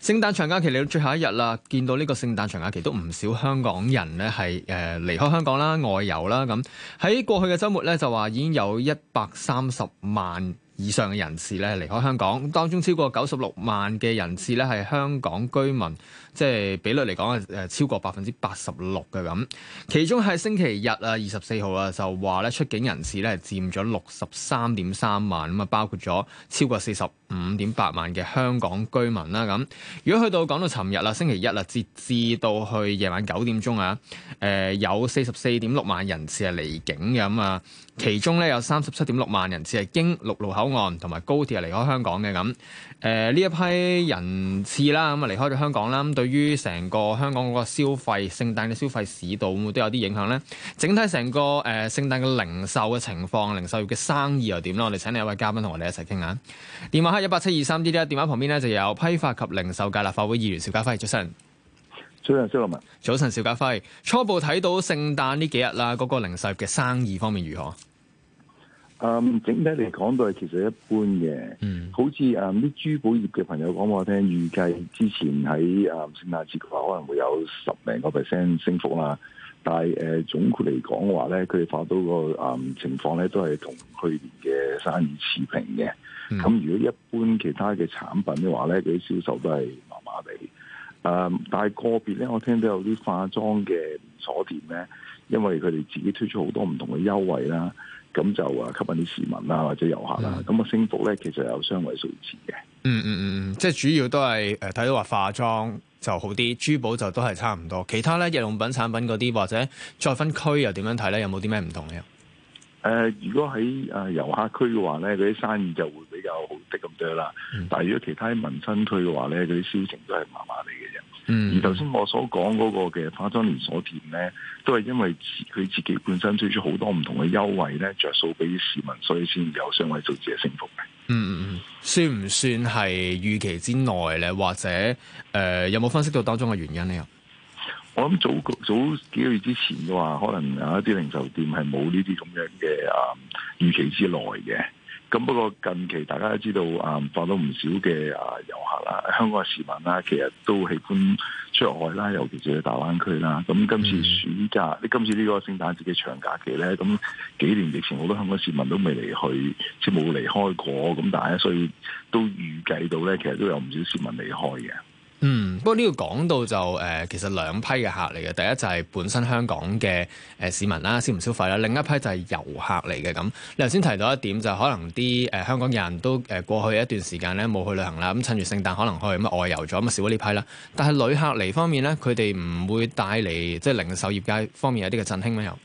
聖誕長假期嚟到最後一日啦，見到呢個聖誕長假期都唔少香港人咧係誒離開香港啦、外遊啦咁。喺過去嘅週末咧就話已經有一百三十萬以上嘅人士咧離開香港，當中超過九十六萬嘅人士咧係香港居民，即係比率嚟講誒超過百分之八十六嘅咁。其中喺星期日啊，二十四號啊就話咧出境人士咧係佔咗六十三點三萬咁啊，包括咗超過四十五點八萬嘅香港居民啦，咁如果去到講到尋日啦，星期一啦，截至到去夜晚九點鐘啊，誒有四十四點六萬人次係離境嘅咁啊，其中咧有三十七點六萬人次係經陸路口岸同埋高鐵係離開香港嘅咁。誒呢一批人次啦，咁啊離開咗香港啦，咁對於成個香港個消費聖誕嘅消費市道會唔會都有啲影響呢？整體成個誒聖誕嘅零售嘅情況，零售業嘅生意又點咧？我哋請你一位嘉賓同我哋一齊傾下。電話喺一八七二三二一，電話旁邊咧就有批發及零售界立法會議員邵家輝，早晨。早晨，張立文。早晨，邵家輝。初步睇到聖誕呢幾日啦，嗰個零售業嘅生意方面如何？Um, mm. 嗯，整體嚟講都係其實一般嘅，好似啊啲珠寶業嘅朋友講我聽，預計之前喺啊聖誕節嘅話可能會有十零個 percent 升幅啦，但係誒、呃、總括嚟講嘅話咧，佢哋發到個誒情況咧都係同去年嘅生意持平嘅。咁、mm. 如果一般其他嘅產品嘅話咧，佢啲銷售都係麻麻地。誒、嗯，但係個別咧，我聽到有啲化妝嘅鎖店咧，因為佢哋自己推出好多唔同嘅優惠啦。咁就啊吸引啲市民啦，或者遊客啦。咁、嗯、啊升幅咧，其實有雙位數字嘅。嗯嗯嗯，即係主要都係誒，睇、呃、到話化妝就好啲，珠寶就都係差唔多。其他咧日用品產品嗰啲，或者再分區又點樣睇咧？有冇啲咩唔同嘅？誒、呃，如果喺誒遊客區嘅話咧，嗰啲生意就會比較好啲咁多啦。但係如果其他民生區嘅話咧，嗰啲銷情都係麻麻地嘅。嗯、而頭先我所講嗰個嘅化妝連鎖店咧，都係因為佢自己本身推出好多唔同嘅優惠咧，着數俾市民，所以先有雙位數字嘅升幅嘅。嗯嗯嗯，算唔算係預期之內咧？或者誒、呃，有冇分析到當中嘅原因咧？我諗早早幾個月之前嘅話，可能有一啲零售店係冇呢啲咁樣嘅啊、呃、預期之內嘅。咁不過近期大家都知道啊，放咗唔少嘅、啊遊客啦，香港嘅市民啦，其實都喜歡出外啦，尤其是大灣區啦。咁今次暑假、嗯，今次呢個聖誕節嘅長假期咧，咁幾年疫前好多香港市民都未嚟去，即冇離開過咁大，但係所以都預計到咧，其實都有唔少市民離開嘅。嗯，不過呢個講到就、呃、其實兩批嘅客嚟嘅，第一就係本身香港嘅、呃、市民啦，消唔消費啦，另一批就係遊客嚟嘅咁。你頭先提到一點就可能啲、呃、香港人都誒過去一段時間咧冇去旅行啦，咁、嗯、趁住聖誕可能去乜、呃、外遊咗，咁少咗呢批啦。但係旅客嚟方面咧，佢哋唔會帶嚟即係零售業界方面有啲嘅振興咩？有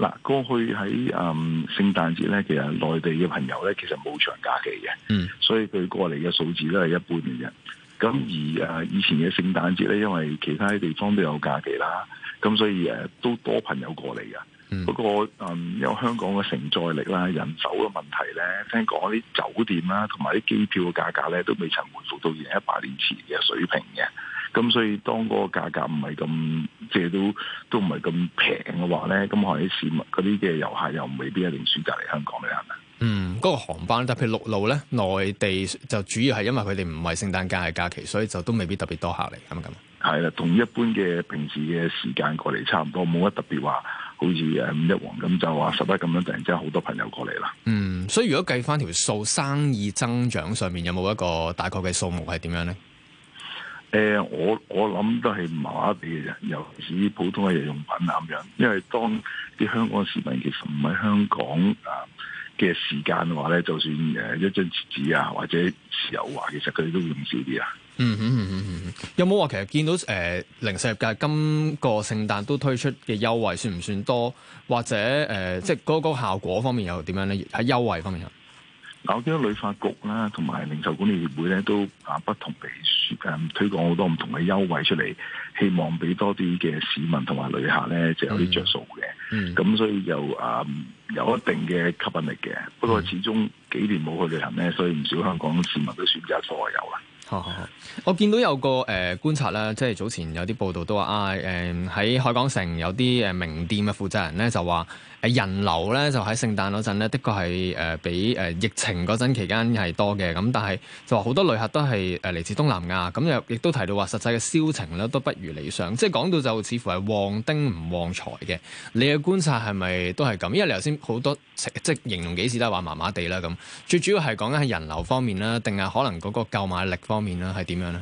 嗱，過去喺誒、嗯、聖誕節咧，其實內地嘅朋友咧，其實冇長假期嘅，嗯，所以佢過嚟嘅數字都係一般嘅啫。咁、嗯、而誒以前嘅聖誕節咧，因為其他地方都有假期啦，咁所以誒都多朋友過嚟嘅、嗯。不過誒有香港嘅承載力啦、人手嘅問題咧，聽講啲酒店啦同埋啲機票嘅價格咧都未曾回復到二零一八年前嘅水平嘅。咁所以當嗰個價格唔係咁即係，都都唔係咁平嘅話咧，咁可能啲市民嗰啲嘅遊客又未必一定選擇嚟香港旅人。嗯，嗰、那個航班，特別係陸路咧，內地就主要係因為佢哋唔係聖誕假嘅假期，所以就都未必特別多客嚟咁樣。係啦，同一般嘅平時嘅時間過嚟差唔多，冇乜特別話，好似誒五一黃金周咁就話十一咁樣，突然之間好多朋友過嚟啦。嗯，所以如果計翻條數，生意增長上面有冇一個大概嘅數目係點樣咧？誒、呃，我我諗都係麻麻地嘅啫，尤其是普通嘅日用品咁樣，因為當啲香港市民其實唔喺香港啊，呃嘅時間嘅話咧，就算誒一張紙啊，或者豉油啊，其實佢都會用少啲啊。嗯哼嗯哼嗯哼，有冇話其實見到誒、呃、零售業界今個聖誕都推出嘅優惠，算唔算多？或者誒、呃，即係嗰個效果方面又點樣咧？喺優惠方面我記得旅發局啦，同埋零售管理協會咧，都啊不同地推廣好多唔同嘅優惠出嚟，希望俾多啲嘅市民同埋旅客咧就有啲着數嘅。咁、嗯嗯、所以又啊、嗯、有一定嘅吸引力嘅。不過始終幾年冇去旅行咧，所以唔少香港市民都選擇所有啦。好好好，我見到有個誒、呃、觀察啦，即係早前有啲報道都話啊誒喺、呃、海港城有啲誒名店嘅負責人咧就話。人流咧就喺聖誕嗰陣咧，的確係誒比誒疫情嗰陣期間係多嘅。咁但係就話好多旅客都係誒嚟自東南亞，咁又亦都提到話實際嘅銷情咧都不如理想，即係講到就似乎係旺丁唔旺財嘅。你嘅觀察係咪都係咁？因為你頭先好多即係形容幾次都係話麻麻地啦咁。最主要係講緊係人流方面啦，定係可能嗰個購買力方面啦，係點樣咧？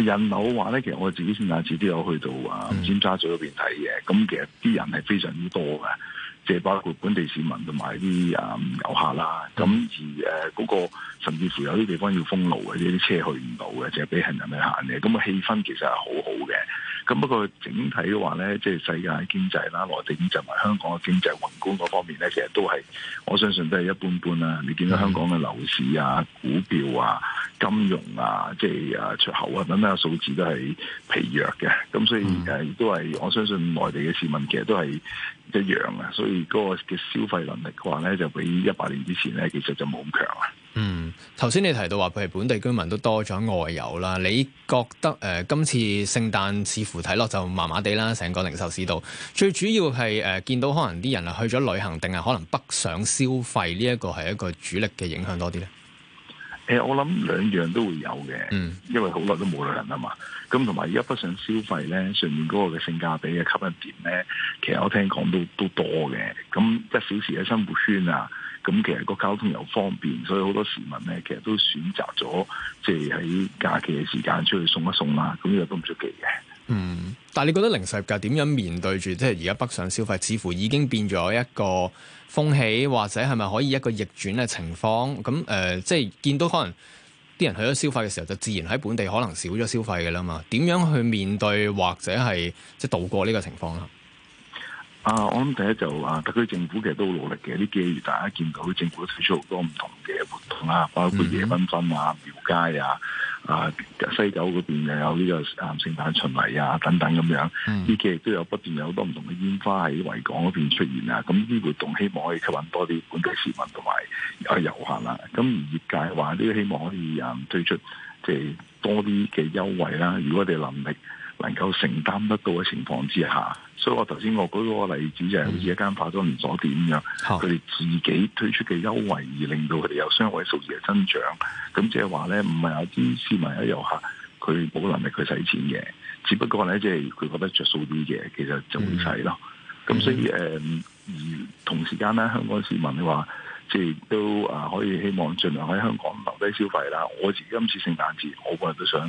人流話咧，其實我自己聖誕節都有去到啊，尖沙咀嗰邊睇嘢，咁、嗯、其實啲人係非常之多嘅。即係包括本地市民同埋啲啊遊客啦，咁而誒、那、嗰個甚至乎有啲地方要封路嘅，呢啲車去唔到嘅，淨係俾行人去行嘅，咁啊氣氛其實係好好嘅。咁不過整體嘅話咧，即係世界經濟啦，內地經濟同埋香港嘅經濟宏觀嗰方面咧，其實都係我相信都係一般般啦。你見到香港嘅樓市啊，股票啊，金融啊，即係啊出口啊等等嘅數字都係疲弱嘅，咁所以誒、嗯、都係我相信內地嘅市民其實都係一樣啊，所以嗰個嘅消費能力嘅話咧，就比一百年之前咧其實就冇咁強啊。嗯，頭先你提到話譬如本地居民都多咗外遊啦，你覺得誒、呃、今次聖誕似乎睇落就麻麻地啦，成個零售市道最主要係誒、呃、見到可能啲人啊去咗旅行，定係可能北上消費呢一個係一個主力嘅影響多啲咧？誒，我諗兩樣都會有嘅，因為好耐都冇旅行啊嘛。咁同埋而家北上消費咧，上面嗰個嘅性價比嘅吸引點咧，其實我聽講都都多嘅。咁一小時嘅生活圈啊，咁其實個交通又方便，所以好多市民咧，其實都選擇咗即係喺假期嘅時間出去送一送啦。咁呢個都唔出奇嘅。嗯，但係你覺得零售業界點樣面對住，即係而家北上消費似乎已經變咗一個風氣，或者係咪可以一個逆轉嘅情況？咁誒、呃，即係見到可能啲人去咗消費嘅時候，就自然喺本地可能少咗消費嘅啦嘛。點樣去面對或者係即係渡過呢個情況啊？啊，我諗第一就啊、是，特區政府其實都好努力嘅，呢幾年大家見到，政府都推出好多唔同嘅活動啊，包括夜繽紛啊、廟街啊。啊，西九嗰邊又有呢個啊聖誕巡禮啊，等等咁樣，呢家亦都有不斷有好多唔同嘅煙花喺維港嗰邊出現啊，咁呢活動希望可以吸引多啲本地市民同埋啊遊客啦，咁而業界話呢，希望可以啊推出即係多啲嘅優惠啦，如果我哋能力能夠承擔得到嘅情況之下，所以我頭先我舉個例子就係好似一間化妝品連鎖店咁樣，佢、嗯、哋自己推出嘅優惠而令到佢哋有雙位數字嘅增長。咁即係話咧，唔係有啲市民喺遊客佢冇能力去使錢嘅，只不過咧即係佢覺得着數啲嘅，其實就會使咯。咁、嗯、所以誒、嗯，而同時間咧，香港市民你話，即、就、係、是、都啊可以希望儘量喺香港留低消費啦。我自己今次聖誕節，我個人都想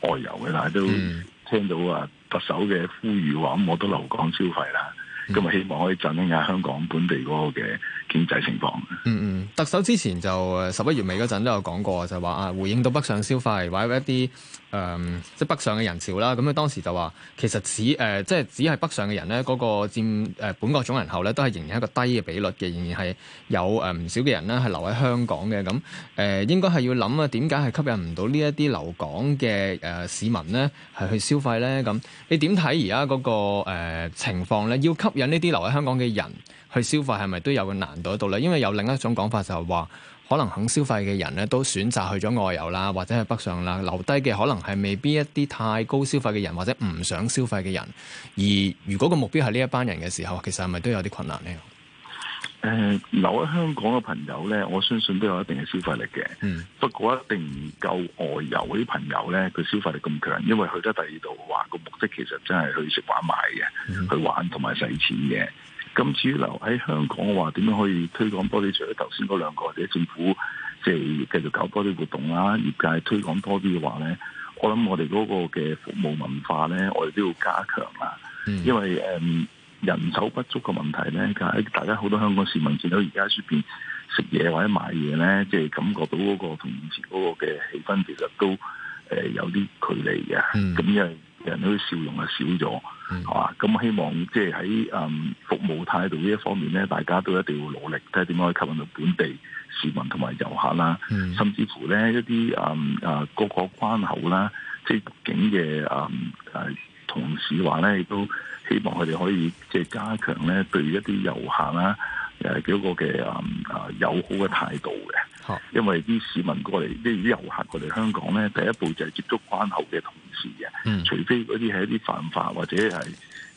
外遊嘅，但係都。嗯聽到啊，特首嘅呼籲話，我都留港消費啦。咁、嗯、咪希望可以振興下香港本地嗰個嘅經濟情況。嗯嗯，特首之前就誒十一月尾嗰陣都有講過，就話啊，回應到北上消費，或者一啲誒、呃、即係北上嘅人潮啦。咁佢當時就話，其實只誒、呃、即係只係北上嘅人咧，嗰、那個佔本國總人口咧，都係仍然一個低嘅比率嘅，仍然係有誒唔少嘅人呢，係留喺香港嘅。咁誒、呃、應該係要諗啊，點解係吸引唔到呢一啲留港嘅誒、呃、市民呢？係去消費咧？咁你點睇而家嗰個、呃、情況咧？要吸引引呢啲留喺香港嘅人去消費，係咪都有個難度喺度咧？因為有另一種講法就係話，可能肯消費嘅人咧都選擇去咗外遊啦，或者去北上啦，留低嘅可能係未必一啲太高消費嘅人，或者唔想消費嘅人。而如果個目標係呢一班人嘅時候，其實，係咪都有啲困難咧？誒、呃，留喺香港嘅朋友咧，我相信都有一定嘅消費力嘅。Mm. 不過一定唔夠外遊啲朋友咧，佢消費力咁強，因為去得第二度嘅話，個目的其實真係去食玩買嘅，mm. 去玩同埋使錢嘅。咁至於留喺香港嘅話，點樣可以推廣多啲？除咗頭先嗰兩個，或者政府即係繼續搞多啲活動啦，業界推廣多啲嘅話咧，我諗我哋嗰個嘅服務文化咧，我哋都要加強啦。Mm. 因為誒。呃人手不足嘅問題咧，就係大家好多香港市民見到而家出邊食嘢或者買嘢咧，即係感覺到嗰個同以前嗰個嘅氣氛其實都誒、呃、有啲距離嘅。咁、嗯、因為人都笑容少咗、嗯、啊少咗，係嘛？咁希望即係喺嗯服務態度呢一方面咧，大家都一定要努力，即睇點樣去吸引到本地市民同埋遊客啦、嗯，甚至乎咧一啲嗯啊個個關口啦，即係警嘅嗯誒、啊、同事話咧，亦都。希望佢哋可以即係加強咧對一啲遊客啦，誒，幾個嘅啊，友好嘅態度嘅。因為啲市民過嚟，即係啲遊客過嚟香港咧，第一步就係接觸關口嘅同事嘅、嗯，除非嗰啲係一啲犯法或者係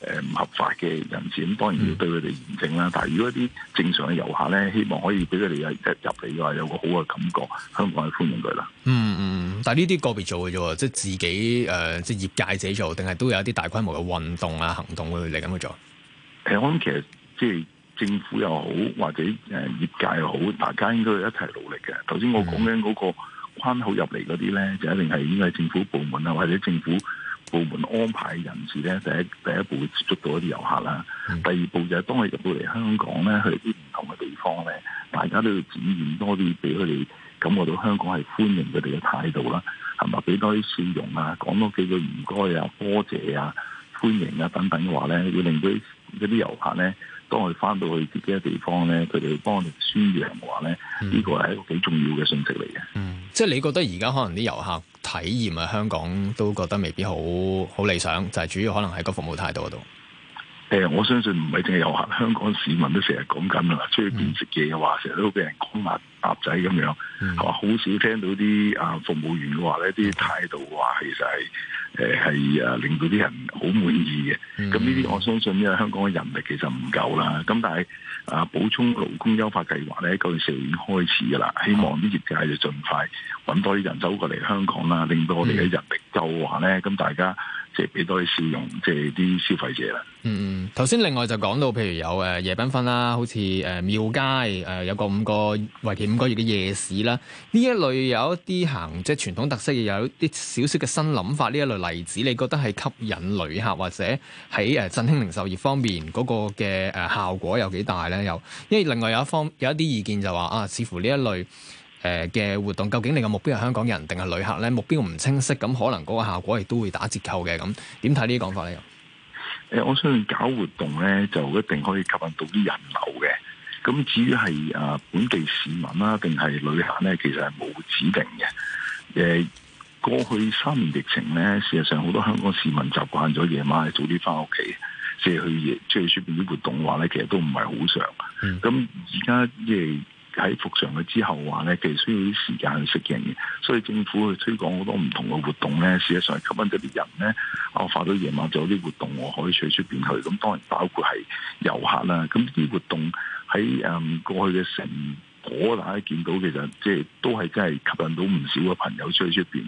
誒唔合法嘅人士，咁當然要對佢哋嚴正啦、嗯。但係如果一啲正常嘅遊客咧，希望可以俾佢哋入嚟嘅話，有個好嘅感覺，香港係歡迎佢啦。嗯嗯，但係呢啲個別做嘅啫，即係自己誒、呃，即係業界者做，定係都有一啲大規模嘅運動啊行動會嚟咁去做？誒，我哋其實即係。政府又好，或者誒、呃、業界又好，大家應該要一齊努力嘅。頭先我講緊嗰個關口入嚟嗰啲呢，就一定係應該係政府部門啦，或者政府部門安排人士呢。第一第一步會接觸到一啲遊客啦。第二步就係、是、當你入到嚟香港呢，去啲唔同嘅地方呢，大家都要展現多啲俾佢哋感覺到香港係歡迎佢哋嘅態度啦，係咪？俾多啲笑容啊，講多幾個唔該啊、多謝，謝啊、歡迎啊等等嘅話呢，會令到啲遊客呢。當我哋翻到去自己嘅地方咧，佢哋幫我哋宣揚嘅話咧，呢、這個係一個幾重要嘅信息嚟嘅。嗯，即係你覺得而家可能啲遊客體驗啊，香港都覺得未必好好理想，就係、是、主要可能喺個服務態度嗰度。誒、欸，我相信唔係淨係遊客，香港市民都成日講緊啦，出去見食嘢嘅話，成日都俾人講話鴨鴨仔咁樣，係、嗯、好、嗯、少聽到啲啊服務員嘅話咧，啲態度話其實係。誒，係誒，令到啲人好滿意嘅。咁呢啲，我相信因為，香港嘅人力其實唔夠啦。咁但係啊，補充勞工優化計劃咧，嗰段時間已經開始噶啦。希望啲業界就盡快揾多啲人走過嚟香港啦，令到我哋嘅人力夠嘅話咧，咁大家。即係俾多啲笑容，即係啲消費者啦。嗯嗯，頭先另外就講到，譬如有誒夜繽紛啦，好似誒、呃、廟街誒、呃、有個五個為期五個月嘅夜市啦。呢一類有一啲行即係傳統特色嘅，有一啲少少嘅新諗法。呢一類例子，你覺得係吸引旅客或者喺誒振興零售業方面嗰、那個嘅誒、啊、效果有幾大咧？有，因為另外有一方有一啲意見就話啊，似乎呢一類。誒嘅活動，究竟你嘅目標係香港人定係旅客咧？目標唔清晰，咁可能嗰個效果亦都會打折扣嘅。咁點睇呢啲講法咧？誒、呃，我相信搞活動咧，就一定可以吸引到啲人流嘅。咁至於係啊、呃、本地市民啦、啊，定係旅客咧，其實係冇指定嘅。誒、呃，過去三年疫情咧，事實上好多香港市民習慣咗夜晚係早啲翻屋企，即係去野出去出邊啲活動話咧，其實都唔係好常。咁而家即係。喺復常嘅之後話咧，其實需要啲時間去適應嘅，所以政府去推廣好多唔同嘅活動咧，事實上吸引咗啲人咧，我發到夜晚就有啲活動，我可以出去出邊去。咁當然包括係遊客啦。咁呢啲活動喺誒、嗯、過去嘅成果，我大家見到其實即係都係真係吸引到唔少嘅朋友出去出邊，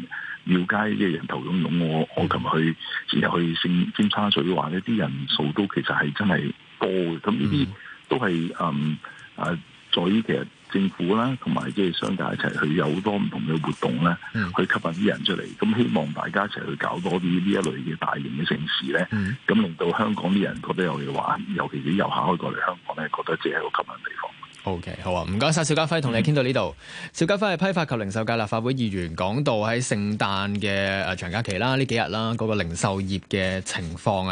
廟街即人頭湧湧，我我琴日去前日去聖尖沙咀話呢啲人數都其實係真係多嘅。咁呢啲都係誒啊！嗯嗯所以其實政府啦，同埋即係商界一齊去有好多唔同嘅活動咧，去吸引啲人出嚟。咁希望大家一齊去搞多啲呢一類嘅大型嘅盛事咧，咁令到香港啲人覺得有嘢玩，尤其啲遊客開過嚟香港咧，覺得自己係一個吸引地方。OK. 好啊，唔該晒。邵家輝，同你傾到呢度。邵家輝係批發及零售界立法會議員，講到喺聖誕嘅長假期啦，呢幾日啦，嗰個零售業嘅情況啊。